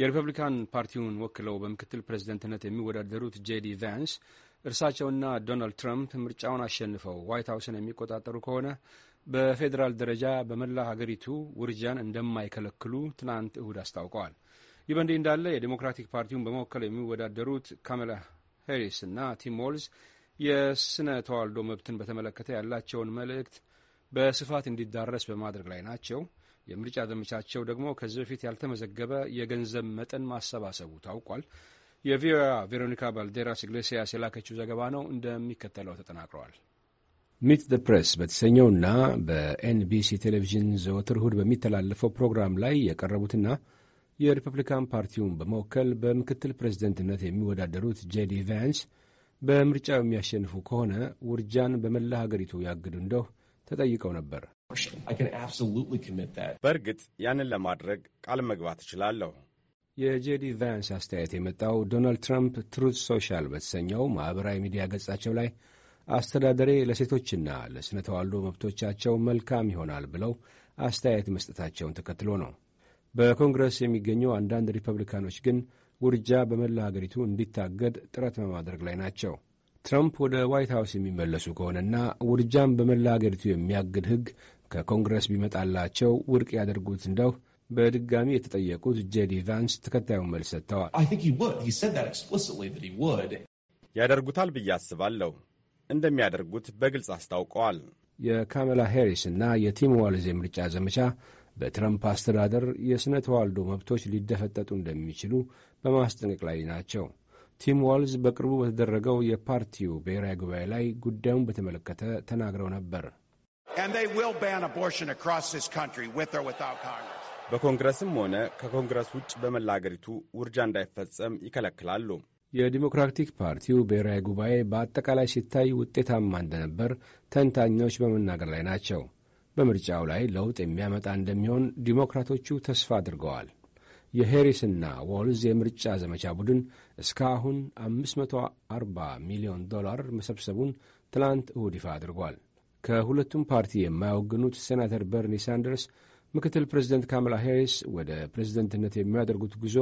የሪፐብሊካን ፓርቲውን ወክለው በምክትል ፕሬዝደንትነት የሚወዳደሩት ጄዲ ቫንስ እርሳቸውና ዶናልድ ትራምፕ ምርጫውን አሸንፈው ዋይት ሀውስን የሚቆጣጠሩ ከሆነ በፌዴራል ደረጃ በመላ ሀገሪቱ ውርጃን እንደማይከለክሉ ትናንት እሁድ አስታውቀዋል። ይህ በእንዲህ እንዳለ የዴሞክራቲክ ፓርቲውን በመወከል የሚወዳደሩት ካማላ ሄሪስ እና ቲም ዎልዝ የስነ ተዋልዶ መብትን በተመለከተ ያላቸውን መልእክት በስፋት እንዲዳረስ በማድረግ ላይ ናቸው። የምርጫ ዘመቻቸው ደግሞ ከዚህ በፊት ያልተመዘገበ የገንዘብ መጠን ማሰባሰቡ ታውቋል። የቪኦኤ ቬሮኒካ ባልዴራስ ኢግሌሲያስ የላከችው ዘገባ ነው እንደሚከተለው ተጠናቅረዋል። ሚት ዘ ፕሬስ በተሰኘውና በኤንቢሲ ቴሌቪዥን ዘወትር እሁድ በሚተላለፈው ፕሮግራም ላይ የቀረቡትና የሪፐብሊካን ፓርቲውን በመወከል በምክትል ፕሬዝደንትነት የሚወዳደሩት ጄዲ ቫንስ በምርጫው የሚያሸንፉ ከሆነ ውርጃን በመላ ሀገሪቱ ያግዱ እንደው ተጠይቀው ነበር። በእርግጥ ያንን ለማድረግ ቃል መግባት እችላለሁ። የጄዲ ቫንስ አስተያየት የመጣው ዶናልድ ትራምፕ ትሩት ሶሻል በተሰኘው ማኅበራዊ ሚዲያ ገጻቸው ላይ አስተዳደሬ ለሴቶችና ለሥነ ተዋልዶ መብቶቻቸው መልካም ይሆናል ብለው አስተያየት መስጠታቸውን ተከትሎ ነው። በኮንግረስ የሚገኙ አንዳንድ ሪፐብሊካኖች ግን ውርጃ በመላ ሀገሪቱ እንዲታገድ ጥረት በማድረግ ላይ ናቸው። ትራምፕ ወደ ዋይት ሀውስ የሚመለሱ ከሆነና ውርጃን በመላ ሀገሪቱ የሚያግድ ሕግ ከኮንግረስ ቢመጣላቸው ውድቅ ያደርጉት እንደው በድጋሚ የተጠየቁት ጄዲ ቫንስ ተከታዩን መልስ ሰጥተዋል። ያደርጉታል ብዬ አስባለሁ። እንደሚያደርጉት በግልጽ አስታውቀዋል። የካሜላ ሄሪስ እና የቲም ዋልዝ የምርጫ ዘመቻ በትረምፕ አስተዳደር የሥነ ተዋልዶ መብቶች ሊደፈጠጡ እንደሚችሉ በማስጠንቀቅ ላይ ናቸው። ቲም ዋልዝ በቅርቡ በተደረገው የፓርቲው ብሔራዊ ጉባኤ ላይ ጉዳዩን በተመለከተ ተናግረው ነበር። በኮንግረስም ሆነ ከኮንግረስ ውጭ በመላ አገሪቱ ውርጃ እንዳይፈጸም ይከለክላሉ። የዲሞክራቲክ ፓርቲው ብሔራዊ ጉባኤ በአጠቃላይ ሲታይ ውጤታማ እንደነበር ተንታኞች በመናገር ላይ ናቸው። በምርጫው ላይ ለውጥ የሚያመጣ እንደሚሆን ዲሞክራቶቹ ተስፋ አድርገዋል። የሄሪስና ዎልዝ የምርጫ ዘመቻ ቡድን እስካሁን 540 ሚሊዮን ዶላር መሰብሰቡን ትናንት እሁድ ይፋ አድርጓል። ከሁለቱም ፓርቲ የማያወግኑት ሴናተር በርኒ ሳንደርስ ምክትል ፕሬዚደንት ካማላ ሄሪስ ወደ ፕሬዝደንትነት የሚያደርጉት ጉዞ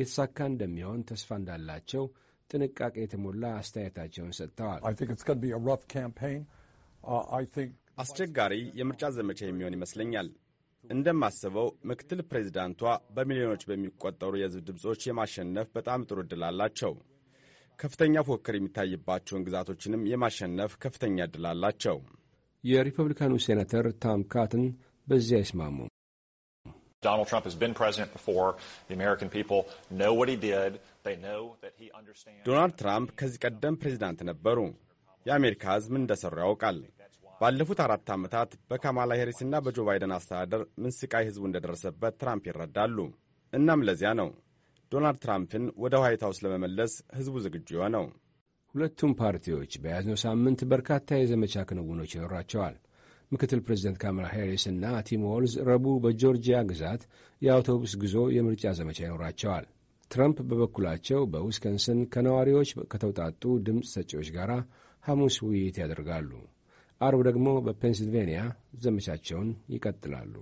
የተሳካ እንደሚሆን ተስፋ እንዳላቸው ጥንቃቄ የተሞላ አስተያየታቸውን ሰጥተዋል። uh, አስቸጋሪ የምርጫ ዘመቻ የሚሆን ይመስለኛል። እንደማስበው ምክትል ፕሬዚዳንቷ በሚሊዮኖች በሚቆጠሩ የሕዝብ ድምፆች የማሸነፍ በጣም ጥሩ ዕድል አላቸው። ከፍተኛ ፉክክር የሚታይባቸውን ግዛቶችንም የማሸነፍ ከፍተኛ ዕድል አላቸው። የሪፐብሊካኑ ሴናተር ታም ካትን በዚህ አይስማሙ። ዶናልድ ትራምፕ ከዚህ ቀደም ፕሬዚዳንት ነበሩ። የአሜሪካ ሕዝብ ምን እንደሠሩ ያውቃል። ባለፉት አራት ዓመታት በካማላ ሄሪስና በጆ ባይደን አስተዳደር ምን ስቃይ ሕዝቡ እንደደረሰበት ትራምፕ ይረዳሉ። እናም ለዚያ ነው ዶናልድ ትራምፕን ወደ ዋይት ሀውስ ለመመለስ ሕዝቡ ዝግጁ የሆነው። ሁለቱም ፓርቲዎች በያዝነው ሳምንት በርካታ የዘመቻ ክንውኖች ይኖራቸዋል። ምክትል ፕሬዚደንት ካማላ ሄሪስ እና ቲም ዎልዝ ረቡዕ በጆርጂያ ግዛት የአውቶቡስ ጉዞ የምርጫ ዘመቻ ይኖራቸዋል። ትረምፕ በበኩላቸው በዊስከንስን ከነዋሪዎች ከተውጣጡ ድምፅ ሰጪዎች ጋር ሐሙስ ውይይት ያደርጋሉ። አርብ ደግሞ በፔንስልቬንያ ዘመቻቸውን ይቀጥላሉ።